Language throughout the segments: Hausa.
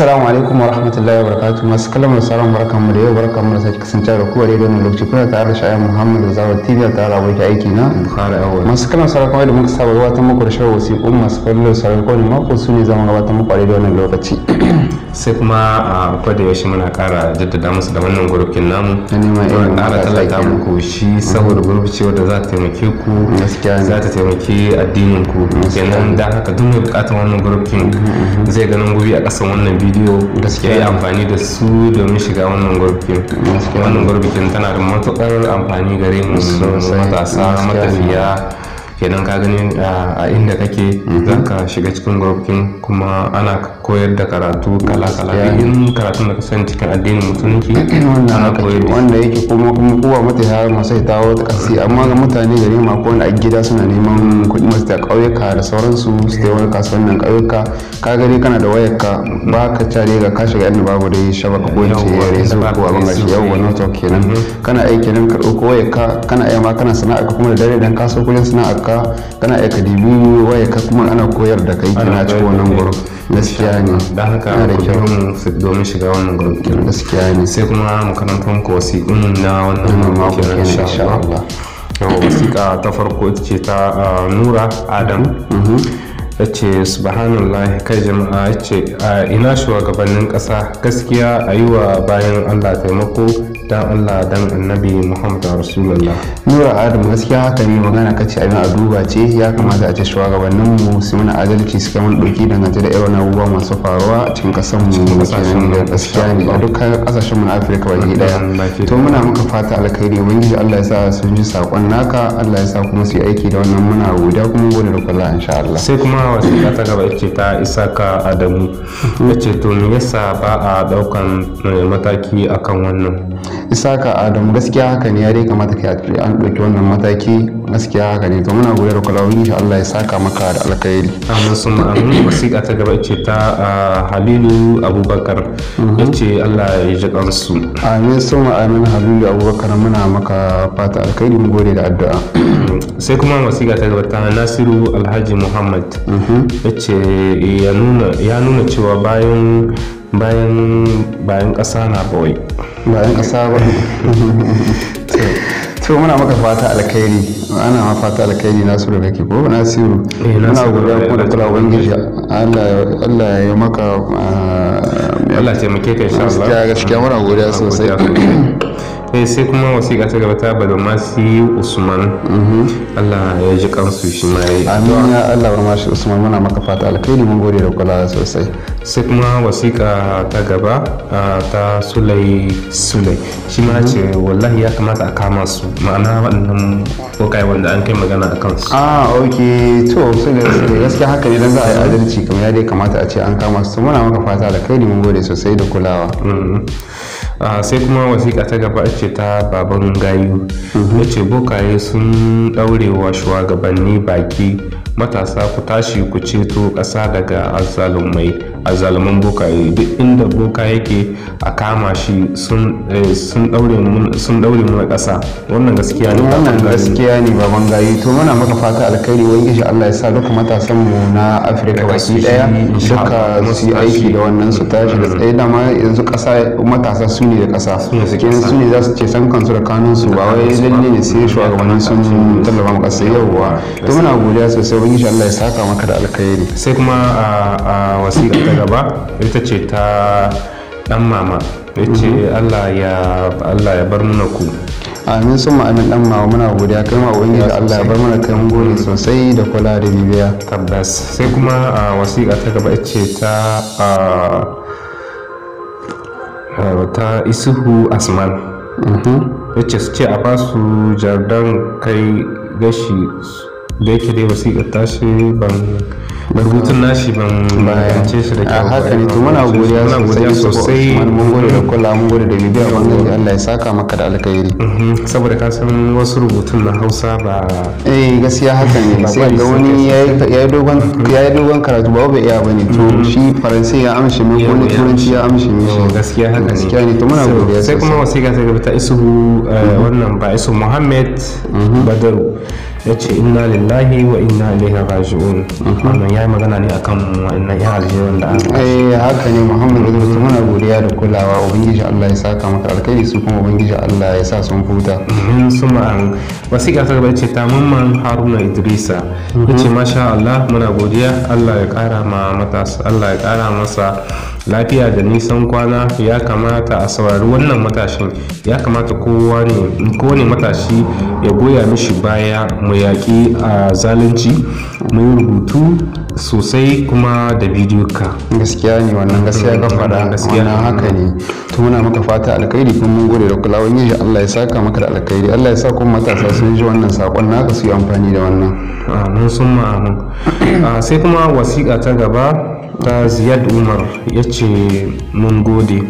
assalamu alaikum wa rahmatullahi wa barakatuh masu kalmar tsaron barkan mu da yau barkan mu da sake kasance da kowa da wannan lokaci kuna tare da shayin muhammadu zawa tv ta da aboki aiki na bukhari awal masu kalmar tsaron kuma da muka saba gabatar muku da shirin wasiƙun masu kallon sauran kowane mako su ne zama gabatar muku a wannan lokaci sai kuma a da yaushe muna kara jaddada musu da wannan gurbin namu don kara tallata muku shi mm. saboda gurbi wadda za ta taimake ku za ta taimake addinin ku kenan da haka duk mai bukatar wannan gurbin mm-hmm, mm-hmm. zai ganin gubi a kasan wannan bidiyo ya yi amfani da su domin shiga wannan gurbin wannan gurbin tana da matukar amfani gare mu matasa matafiya kenan ka gani a inda kake mhm. za ka shiga cikin group kuma ana koyar da karatu kala-kala in karatun da ka sani cikin addinin mutunci. wanda yake kuma kuma kowa mata ya masu ita wata kasi amma ga mutane gari ma ko wani a gida suna neman kuɗi masu da ƙauyuka da sauransu su ta wani kasuwannin ƙauyuka ka gani kana da wayar ka mhm. ba ka care ga ka shiga inda babu dai shabaka ko in ce yare su ko abin shi yau wani network kenan mhm. kana aiki nan karɓo ko wayar ka kana aiki ma kana sana'a kuma da dare dan kaso kullum sana'a ka kana iya ka dibi waye ka kuma ana koyar da kai kina cikin wannan gurin gaskiya ne da haka da kyau domin shiga wannan gurin gaskiya ne sai kuma mu ko muku wasiƙun na wannan mako kenan insha Allah yau wasiƙa ta farko ita ce ta ah, Nura Adam mm-hmm. ya ce subhanallah kai jama'a ya ce ah, ina shugabannin ƙasa gaskiya a yi wa bayan allah taimako ta Allah dan annabi Muhammad Rasulullah Nura Adam gaskiya haka ne magana kace abin a duba ce ya kamata a ce shugabannin mu su muna adalci su kai mun dauki dangance da irin abubuwa masu faruwa cikin kasan mu da gaskiya ne a dukkan kasashen mu na ba ni daya to muna muka fata alkhairi ubangiji Allah ya sa sun ji sakon naka Allah ya sa kuma su yi aiki da wannan muna godiya kuma gode da kullum insha Allah sai kuma wasiƙa ta gaba ce ta Isaka Adamu yace to me yasa ba a daukan eh, mataki akan wannan isaka adam gaskiya haka ne ya dai kamata yi an ɗauki wannan mataki gaskiya haka ne to muna kula kwalawun insha Allah ya saka maka da alkhairi amin sun amin wasiƙa ta gaba ce ta ah, halilu abubakar mhm. yace Allah ya ji kansu amin sun amin halilu abubakar muna maka fata alkhairi mu gode da addu'a sai kuma wasiƙa ta gaba ta nasiru alhaji muhammad mhm. yace ya nuna cewa bayan bayan bayan ƙasa na bawai bayan ƙasa ba eh. to muna maka fata alkhairi ana ma fata alkhairi nasu da kake ko nasiru eh, muna godiya eh, kuma da kula ubangiji Allah Allah ya maka ah, Allah ya taimake ka insha Allah gaskiya muna godiya sosai Eh, sai kuma wasiƙa ta gaba ta bada masu usman mhm. allah ya ji kansu shi ma yi amin ya allah wa mashi usman muna maka fata alkhairi mun gode da kula sosai sai kuma wasiƙa ta gaba ta sulai sulai shi ma ce mhm. wallahi ya kamata a kama su ma'ana waɗannan kokai wanda an kai magana a kansu ah ok to sulai sulai gaskiya haka ne dan za a yi adalci kamar ya dai kamata a ce an kama su muna maka fata alkhairi mun gode sosai da kulawa mhm. Ah, sai kuma wasiƙa ta gaba ce ta baban gayu mhm. ya ce bokaye sun wa shugabanni baki matasa ku tashi ku ceto ƙasa daga azzalumai azzaluman bokaye duk inda boka yake a kama shi sun eh, ɗaure mun ƙasa wannan gaskiya ne wannan gaskiya ne baban gayu to muna maka fata alkhairi wani shi Allah ya sa duka matasan mu na Afirka baki daya duka su aiki da wannan su tashi da tsaye dama yanzu ƙasa matasa sun ne da ƙasa su ne za su ce san kansu da kanunsu ba wai lalle ne sai shugabannin sun tallafa maka sai yawwa to muna godiya sosai wani insha Allah ya saka maka da alkhairi sai kuma a wasiƙa ta gaba ita ce ta dan mama ce mhm. Allah ya Allah ya bar muna ku amin sun ma'amin dan mama, muna godiya kai ma wani da Allah ya bar mana kai mun gode mhm. sosai da kula da bibiya tabbas sai kuma a wasiƙa ta gaba ce ta ta isuhu asman wacce mm-hmm. su ce a basu jardan kai gashi da yake dai wasiƙar tashi ban rubutun nashi ban bayance shi da kyau haka ne to muna godiya sosai mun gode da kula mun gode da bibiya bangare Allah ya saka maka da alkhairi mhm. saboda ka san wasu rubutun na Hausa ba eh gaskiya haka ne sai ga wani yayi dogon yayi dogon karatu ba bai iya bane to mhm. shi faransi ya amshi mai wani turanci ya amshi mai shi gaskiya haka ne gaskiya ne to muna godiya sai kuma wasiƙa ta gaba ta isu eh, mhm. wannan ba isu Muhammad Badaru ya ce inna lillahi wa inna ilaihi raji'un wannan ya magana ne akan wannan ya aljihu wanda an eh haka ne muhammad rasul muna godiya da kulawa ubangiji Allah ya saka maka alkhairi su kuma ubangiji Allah ya sa sun huta suma an wasiƙa ta bace ta mamman haruna idrisa yace mhm. masha Allah muna godiya Allah ya kara ma matas Allah ya ƙara masa lafiya da nisan kwana ya kamata a saurari wannan matashin ya kamata kowane matashi ya goya mishi baya mu yaƙi a zalunci mu yi rubutu sosai kuma da bidiyo ka gaskiya ne wannan gaskiya ka faɗa gaskiya na haka ne to muna maka fata alkhairi kuma mun gode da wani yin Allah ya saka maka da alkhairi Allah ya sa kuma matasa sun ji wannan sakon naka su yi amfani da wannan amin sun amin sai kuma wasiƙa ta gaba ta ziyad umar ya ce mun gode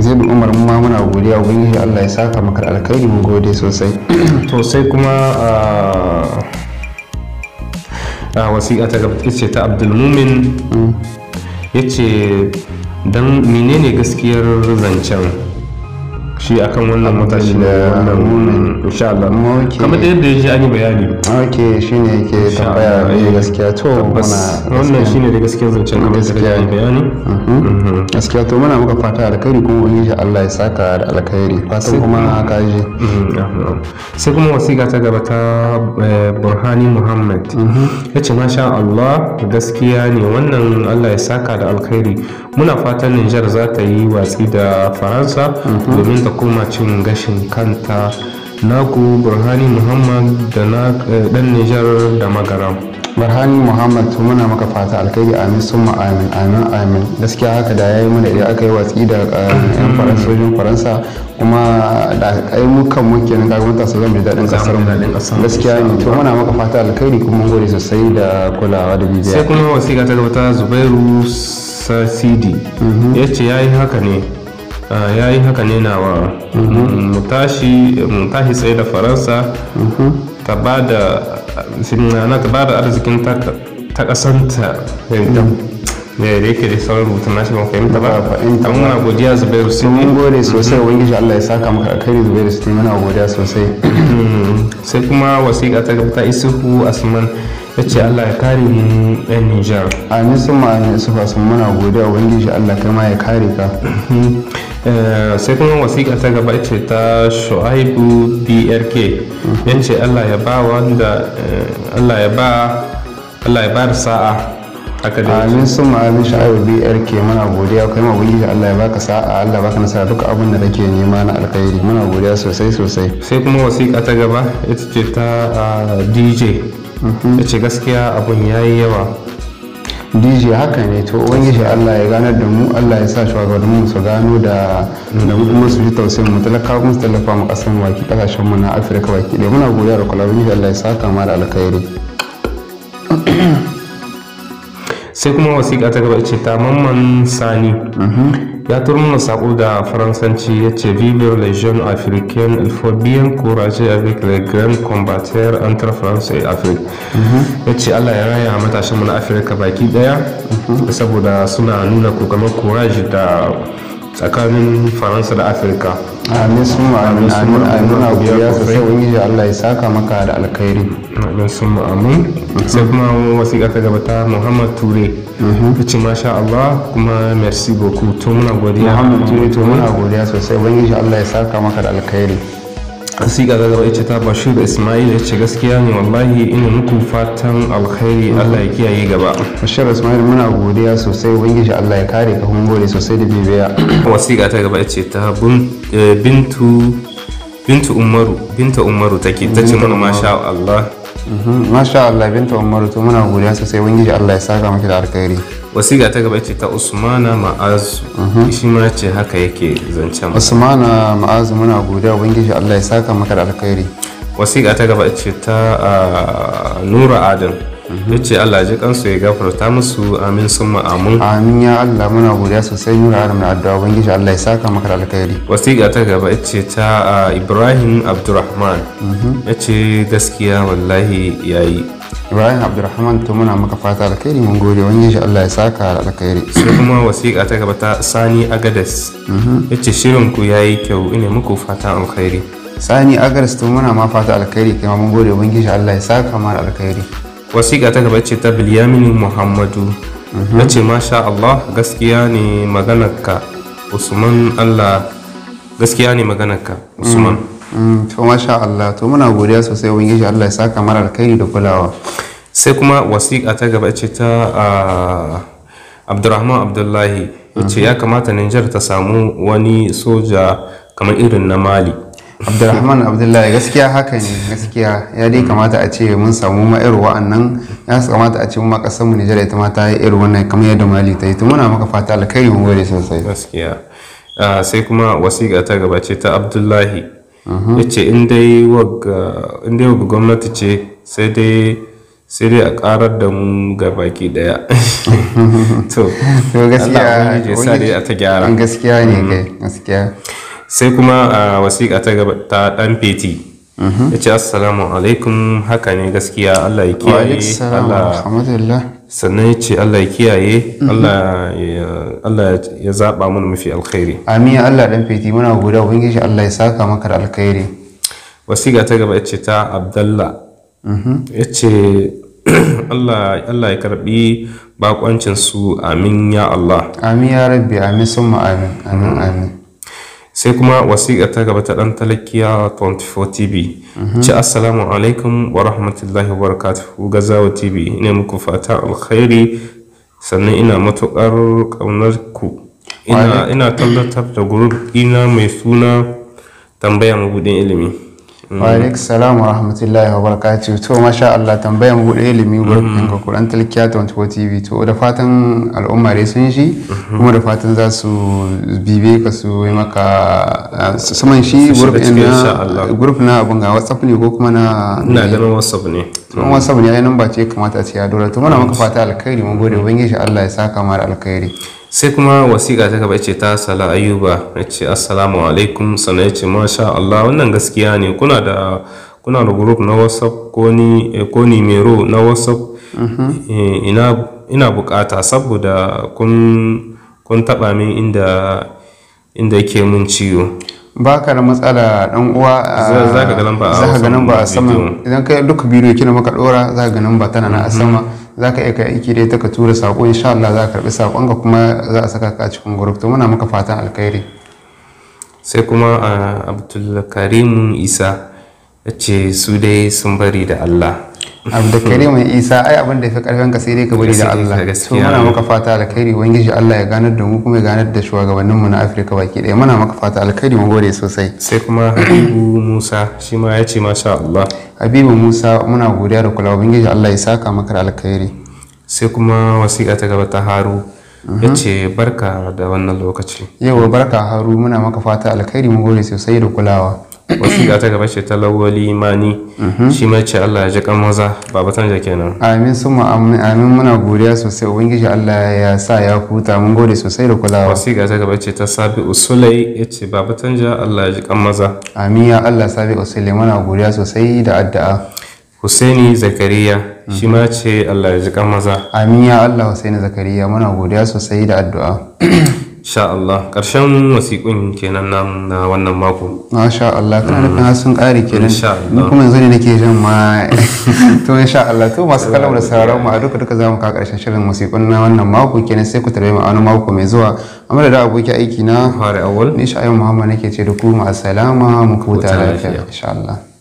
zai umar ma muna godiya shi allah ya saka maka alkhairi mun gode sosai to sai kuma a wasiƙa ta gaba ce ta abdulmumin mm. ya ce don menene gaskiyar zancen shi akan wannan matashi da wannan insha Allah kamar da yadda ya ji an yi bayani ok shi ne yake tambaya ne gaskiya to muna wannan shi ne da gaskiya zancen kamar da yake bayani mhm. Mhm. gaskiya to muna muka fata alkhairi kuma wani shi Allah ya saka da alkhairi fatan kuma ka ji mhm, sai kuma wasiƙa ta gaba ta eh, Burhani Muhammad ya ce masha Allah gaskiya ne wannan Allah ya saka da alkhairi muna fatan Nijar za ta yi watsi da Faransa domin ta koma cin gashin kanta naku burhani muhammad da na dan eh, nijar da magaram burhani muhammad to muna maka fata alkhairi amin summa amin amin amin gaskiya haka da yayi mana idan aka yi watsi da eh, yan faransojin faransa kuma da kai yi kan mu kenan ga gwamnati su zama da dadin kasar mu gaskiya ne to muna maka fata alkhairi kuma mun gode sosai da kulawa da bibiya sai kuma wasiƙa ta gaba ta zubairu sasidi mhm. yace yayi haka ne Ah, ya yi haka ne nawa mhm. mm, mu tashi sai da faransa mhm. ta ba da arzikin ta kasanta da mhm. yake da sauran rubutun nashi ban fahimta ba fahimta muna godiya zubairu sun mun gode sosai ubangiji Allah ya saka maka alkhairi zubairu sai muna godiya sosai mm, sai kuma wasiƙa ta gabata ta isuhu asman ta ce allah ya kare mu yan nijar amin ma ma'ani su fasu muna gode a wani shi allah kai ma ya kare ka eh, sai kuma wasiƙa ta gaba ce ta shu'aibu drk yan ce allah ya ba wanda eh, allah ya ba allah ya ba da sa'a haka da amin sun ma'ani shu'aibu drk muna godiya kai ma ubangiji allah ya baka sa'a allah baka nasara duka abin da kake nema na alkhairi muna godiya sosai sosai sai kuma wasiƙa ta gaba ita ce ta ah, dj Mm-hmm. ya ce gaskiya abun ya yi yawa dj haka ne to ubangiji allah ya ganar da mu allah ya sa su gano da da kuma su ji tausayin mu talaka kuma su tallafa mu kasan baki kasashen mu na afirka baki ɗaya muna godiya da kwalabin allah ya sa kama da alkhairi sai kuma wasiƙa ta gaba ce ta mamman sani mhm. ya turma saƙo da faransanci ya ce vive les jeunes africains il faut bien courage avec les grands combattants entre france et afrique mhm. ya ce allah ya raya matashin mu na afirka baki daya mhm. saboda suna nuna kokamar courage da tsakanin faransa da afirka amin sun ma'amin amin abu ya wani ubangiji allah ya saka maka da alkhairi amin sun ma'amin sai kuma wasu ta gaba ta muhammad ture kuci mhm. masha allah kuma merci beaucoup to muna godiya muhammad ture to muna godiya sosai wani allah ya saka maka da alkhairi asiga da gaba ita ta bashir ismail ya ce gaskiya ne wallahi ina muku fatan alkhairi allah ya kiyaye gaba bashir ismail muna godiya sosai ubangiji allah ya kare ka kuma gode sosai da bibiya wasiƙa ta gaba ce ta eh, bintu bintu umaru binta umaru take ta ce mana masha allah mhm, masha allah binta umaru to muna godiya sosai ubangiji allah ya saka miki da alkhairi wasiƙa ta gaba ce ta usmana ma'azu mhm. shi ma ce haka yake zancen usmana ma'azu muna godiya ubangiji allah ya saka maka da alkhairi wasiƙa ta gaba ce ta ah, nura adam yace Allah ji kansu ya gafarta musu amin sun amin amin ya Allah muna godiya sosai nuna adam da addu'a ubangiji Allah ya saka maka da alkhairi wasiƙa ta gaba yace ta Ibrahim Abdurrahman mhm. yace gaskiya wallahi yayi Ibrahim Abdurrahman to muna maka fata alkhairi mun gode ubangiji Allah ya saka da alkhairi sai kuma wasiƙa ta gaba ta Sani Agades mhm. yace shirin ku yayi kyau ina muku fata alkhairi Sani Agades to muna ma fata alkhairi kai ma mun gode ubangiji Allah ya saka mana alkhairi wasiƙa ta gaba ce ta bilyaminu muhammadu na mhm. ce masha allah gaskiya ne maganarka usman allah gaskiya ne maganarka usman mm, mm, to masha allah to muna godiya sosai shi allah ya saka marar kai da kulawa sai kuma wasiƙa ta gaba ce ta abdurrahman abdullahi ya ce mhm. ya kamata niger ta samu wani soja kamar irin na mali abdulrahman abdullahi gaskiya haka ne gaskiya ya dai kamata a ce mun samu ma irin wa'annan ya kamata a ce mun makasar mu nijar ita ma ta yi irin wannan kamar yadda mali ta yi tumuna muna maka fata alkhairi mu gode sosai gaskiya ah, sai kuma wasiƙa ta gaba ce ta abdullahi mhm. ya ce in dai wagga gwamnati ce sai dai sai dai a karar da mu ga baki daya to gaskiya Allah gaskiya ne mhm. kai gaskiya sai kuma a wasiƙa ta gaba ta ɗan feti mhm. ya ce assalamu alaikum haka ne gaskiya allah ya kiyaye sannan ya ce allah ya kiyaye mhm. allah ya zaɓa mana mafi alkhairi amin allah ɗan feti muna guda ubangiji allah ya saka maka da alkhairi wasiƙa ta gaba ya ce ta abdallah mhm. ya ce allah ya karɓi bakoncinsu su amin ya allah amin ya rabbi amin sun amin amin amin sai kuma wasiƙa ta gaba ta ɗan talakiya 24 tv ci assalamu alaikum wa rahmatullahi wa barakatuhu gazawa tv ne muku fata alkhairi sannan ina matuƙar ƙaunar ku ina tallatar da gurub ina mai suna tambaya mabudin ilimi Mm. wa alaikum salam wa rahmatullahi wa barakatuh to masha Allah tambayan bude ilimi gurbin ga Quran Talkiya 24 TV to da fatan al'umma dai sun shi mm-hmm. kuma da fatan za su bibe ka su yi maka saman shi gurbin na gurbin na abun ga WhatsApp ne ko kuma na na da WhatsApp ne tun WhatsApp ne ai nan ba ce kamata a ce ya dora to muna maka fata alkhairi mun gode ubangiji Allah ya saka mara alkhairi sai kuma wasiƙa ta gaba ce ta sala ayuba ya ce assalamu alaikum sannan ya ce masha Allah wannan gaskiya ne kuna da kuna da group na whatsapp ko ni eh, ko ni mero na whatsapp mm-hmm. eh, ina ina bukata saboda kun kun taba min inda inda yake mun ciwo baka da matsala dan uwa za ka ga lamba a saman idan ka duka bidiyo kina maka dora za ka ga lamba tana na a sama za ka iya kai aiki dai ta ka tura saƙo insha Allah za ka karɓi saƙon ka kuma za a saka ka cikin group to muna maka fatan alkhairi sai kuma ah, abdul karim isa ya ce su dai sun bari da Allah abu da mai isa ai abin da ya fi karfin ka sai dai ka bari da Allah to muna maka fata alkhairi ubangiji Allah ya ganar da mu kuma ya ganar da shugabannin mu na Afirka baki daya muna maka fata alkhairi mu gode sosai sai kuma Habibu Musa shi ma ya ce masha Allah Habibu Musa muna godiya da kula ubangiji Allah ya saka maka da alkhairi sai kuma wasiƙa ta gaba ta Haru mhm. ya ce barka da wannan lokaci yau barka Haru muna maka fata alkhairi mu gode sosai da kulawa wasiƙa ta gaba ce ta lawali mani mhm. shi mai ce Allah ya ji kan maza baba tanja nan. amin sun amin muna godiya sosai ubangiji Allah ya sa ya huta mun gode sosai da kulawa wasiƙa ta gaba ce ta sabi usulai ya ce baba tanja Allah ya ji kan maza amin ya Allah sabi usulai muna godiya sosai da addu'a Husaini Zakariya mhm. shi ma ce Allah ya ji kan maza amin ya Allah Husaini Zakariya muna godiya sosai da addu'a sha Allah ƙarshen wasiƙun kenan nan na wannan mako sha Allah kana nufin sun ƙari kenan ni kuma yanzu ne nake jin ma to sha Allah to masu kallon da sauraron mu a duka duka zamu ka ƙarshen shirin wasiƙun na wannan mako kenan sai ku tarbe mu a wani mako mai zuwa amma da aboki aiki na fara awal ni sha'ayin Muhammad nake ce da ku ma salama mu huta lafiya sha Allah